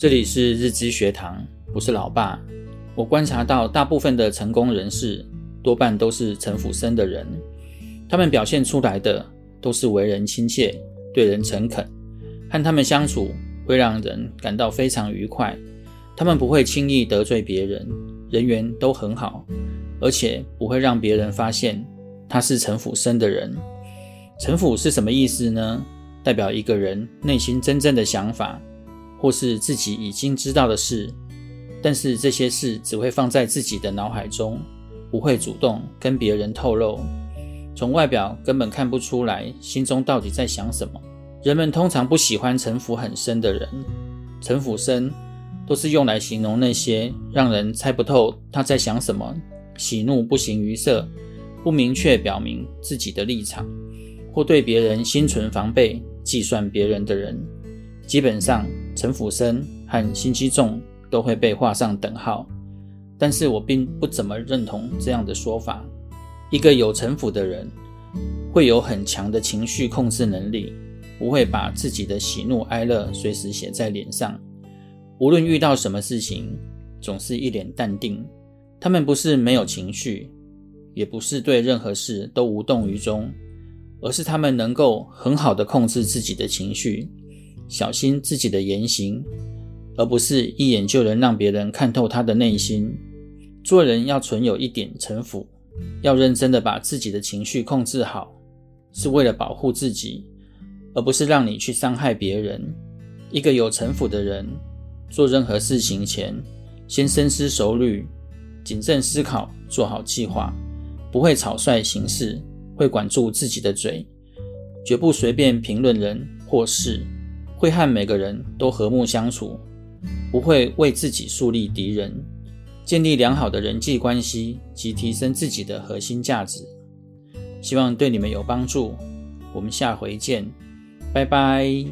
這裡是日之學堂，我是老爸。我觀察到，大部分的成功人士多半都是城府深的人。他們表現出來的都是為人親切、對人誠懇，和他們相處會讓人感到非常愉快。他們不會輕易得罪別人，人緣都很好，而且不會讓別人發現他是城府深的人。城府是什麼意思呢？代表一個人內心真正的想法。或是自己已經知道的事，但是這些事只會放在自己的腦海中，不會主動跟別人透露。從外表根本看不出來心中到底在想什麼？人們通常不喜歡城府很深的人，城府深都是用來形容那些讓人猜不透他在想什麼、喜怒不形於色、不明確表明自己的立場，或對別人心存防備、計算別人的人。基本上，城府深和心機重都會被畫上等號，但是我並不怎麼認同這樣的說法。一個有城府的人，會有很強的情緒控制能力，不會把自己的喜怒哀樂隨時寫在臉上。無論遇到什麼事情，總是一臉淡定。他們不是沒有情緒，也不是對任何事都無動於衷，而是他們能夠很好的控制自己的情緒。小心自己的言行，而不是一眼就能讓別人看透他的內心。做人要存有一點城府，要認真的把自己的情緒控制好，是為了保護自己，而不是讓你去傷害別人。一個有城府的人，做任何事情前先深思熟慮，謹慎思考，做好計劃，不會草率行事，會管住自己的嘴，絕不隨便評論人或事。會和每個人都和睦相處，不會為自己樹立敵人，建立良好的人際關係及提升自己的核心價值。希望對你們有幫助。我們下回見，拜拜。